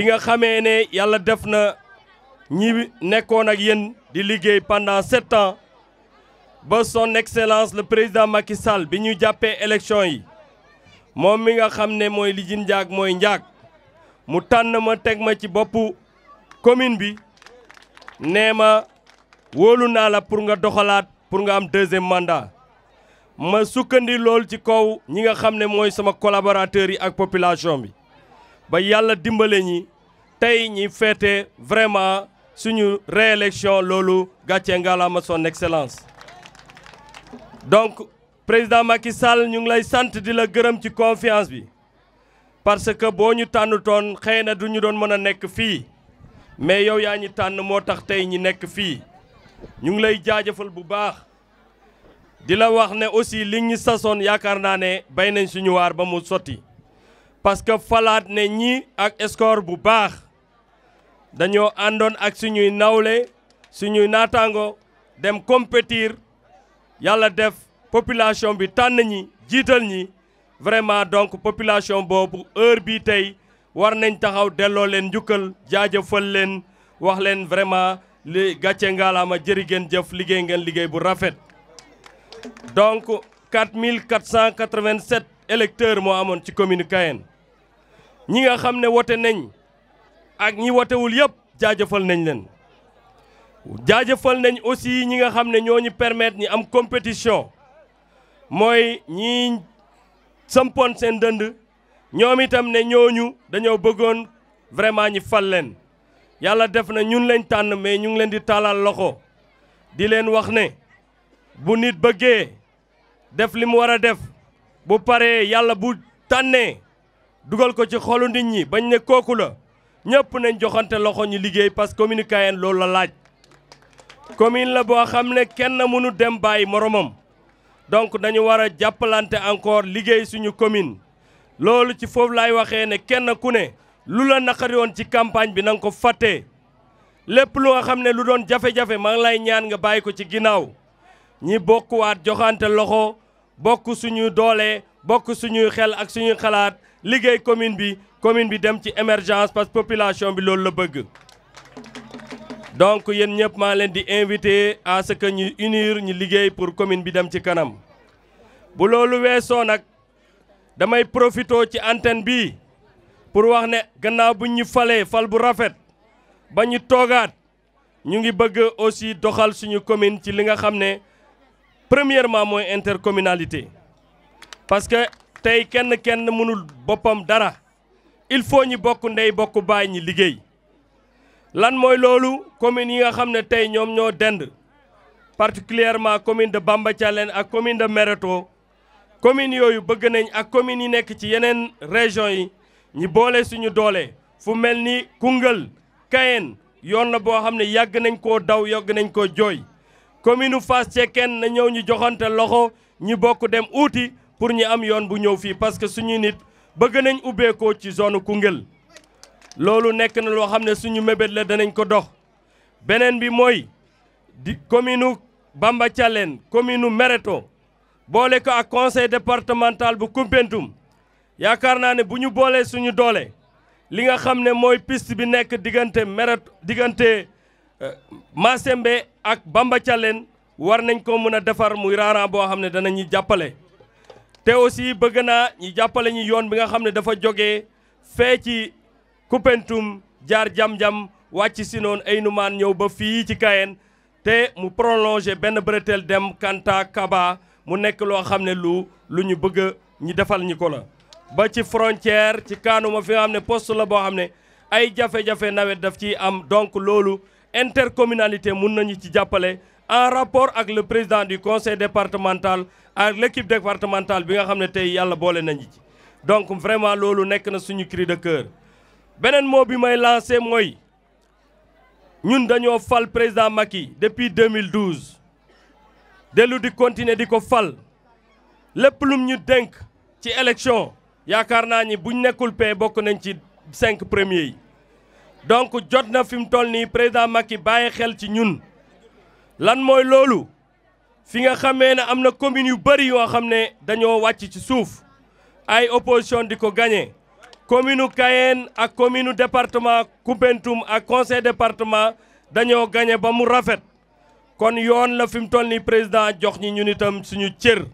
bi nga xamee ne yàlla def na ñi nekkoon ak yéen di liggéey pendant sept ans ba son excellence la président Macky Sall bi ñu jàppee élection yi moom mi nga xam ne mooy li jin njaag mooy njaag mu tànn ma teg ma ci boppu commune bi nee ma wóolu naa la pour nga doxalaat pour nga am deuxième mandat ma sukkandi lool ci kaw ñi nga xam ne mooy sama collaborateurs yi ak population bi ba yàlla dimbale tey ñi féete vraiment suñu réélection loolu gàcce ngalaama son excellence donc président Macky Sall ñu ngi lay sant di la gërëm ci confiance bi parce que boo ñu tànnutoon xëy na duñu doon mën a nekk fii mais yow yaa ñu tànn moo tax tey ñi nekk fii ñu ngi lay jaajëfal bu baax di la wax ne aussi li ñu sasoon yaakaar naa ne bay nañ suñu waar ba mu sotti parce que falaat ne ñi ak score bu baax dañoo àndoon ak suñuy nawle suñuy naataangoo dem compétir yàlla def population bi tànn ñi jiital ñi vraiment donc population boobu heure bii tey war nañ taxaw delloo leen njukkal jaajëfal leen wax leen vraiment li gàcce ngaalaama jëri ngeen jëf liggéey ngeen liggéey bu rafet donc 4487 électeurs moo amoon ci commune Kayen ñi nga xam ne wote nañ ak ñi wotewul yëpp jaajëfal nañ leen jaajëfal nañ aussi ñi nga xam ne ñoo ñu permettre ñi am compétition mooy ñi sampoon seen dënd ñoom itam ne ñooñu dañoo bëggoon vraiment ñi fal leen yàlla def na ñun lañ tànn mais ñu ngi leen di taalal loxo di leen wax ne bu nit bëggee def li mu war a def bu paree yàlla bu tànnee dugal ko ci xolu nit ñi bañ ne kooku la ñëpp nañ joxante loxo ñu liggéey parce que commune loolu la laaj commune la boo xam ne kenn mënu dem bàyyi moromam donc dañu war a jàppalante encore liggéey suñu commune loolu ci foofu laay waxee ne kenn ku ne lu la naqari woon ci campagne bi na nga ko fàttee lépp lu nga xam ne lu doon jafe-jafe maa lay ñaan nga bàyyi ko ci ginnaaw ñi bokkuwaat joxante loxo bokk suñu doole bokk suñuy xel ak suñuy xalaat liggéey commune bi commune bi dem ci émergence parce que population bi loolu la bëgg donc yéen ñëpp maa leen di invité à que ñu unir ñu liggéey pour commune bi dem ci kanam bu loolu weesoo nag damay profito ci antenne bi pour wax ne gannaaw bu ñu falee fal bu rafet ba ñu toogaat ñu ngi bëgg aussi doxal suñu commune ci li nga xam ne premièrement mooy intercommunalité parce que tey kenn kenn mënul boppam dara il faut ñi bokk ndey bokk baay ñi liggéey lan mooy loolu communes yi nga xam ne tey ñoom ñoo dend particulièrement commune de Bamba ak commune de Mereto communes yooyu bëgg nañ ak communes yi nekk ci yeneen région yi ñi boole suñu doolee fu mel ni Koungheul Kayen yoon la boo xam ne yàgg nañ koo daw yàgg nañ koo jooy commune u Fass Cekkeen na ñëw ñu joxante loxo ñi bokk dem uuti pour ñu am yoon bu ñëw fii parce que suñu nit bëgg nañ ubbeekoo ci zone Koungheul loolu nekk na loo xam ne suñu mébét la danañ ko dox beneen bi mooy di commune Bamba Thialène commune Mereto boole ko ak conseil départemental bu Koumpentoum yaakaar naa ne bu ñu boolee suñu doole li nga xam ne mooy piste bi nekk diggante Mereto diggante euh, Massembe ak Bamba Thialène war nañ ko mën a defar muy raaraan boo xam ne danañu jàppale te aussi bëgg naa ñu jàppale ñu yoon bi nga xam ne dafa jóge fee ci Koupentoum jaar jam-jam wàcc si noonu ay numaan ñëw ba fii ci Kayen te mu prolongé benn bretelle dem Kanta Kaba mu nekk loo xam ne lu lu ñu bëgg ñu defal ñi ko la ba ci frontière ci kaanuma fi nga xam ne poste la boo xam ne ay jafe-jafe nawet daf ci am donc loolu intercommunalité mun nañu ci jàppale en rapport ak le président du conseil départemental ak l'équipe départementale bi nga xam ne tey yàlla boole nañu ci donc vraiment loolu nekk na suñu cri de cœur beneen mot bi may lancé mooy ñun dañoo fal président Macky depuis 2012 dellu di continuer di ko fal lépp lum ñu dénk ci élection yaakaar naa ni buñ nekkul pee bokk nañ ci cinq premier yi donc jot na fi mu toll nii président Macky bàyyi xel ci ñun lan mooy loolu fi nga xamee ne am na communes yu bëri yoo xam ne dañoo wàcc ci suuf ay opposition di ko gagné commune Kayeen ak commune département Koumpentoum ak conseil département dañoo gañe ba mu rafet kon yoon na fi mu toll nii président jox ñi ñun itam suñu cër.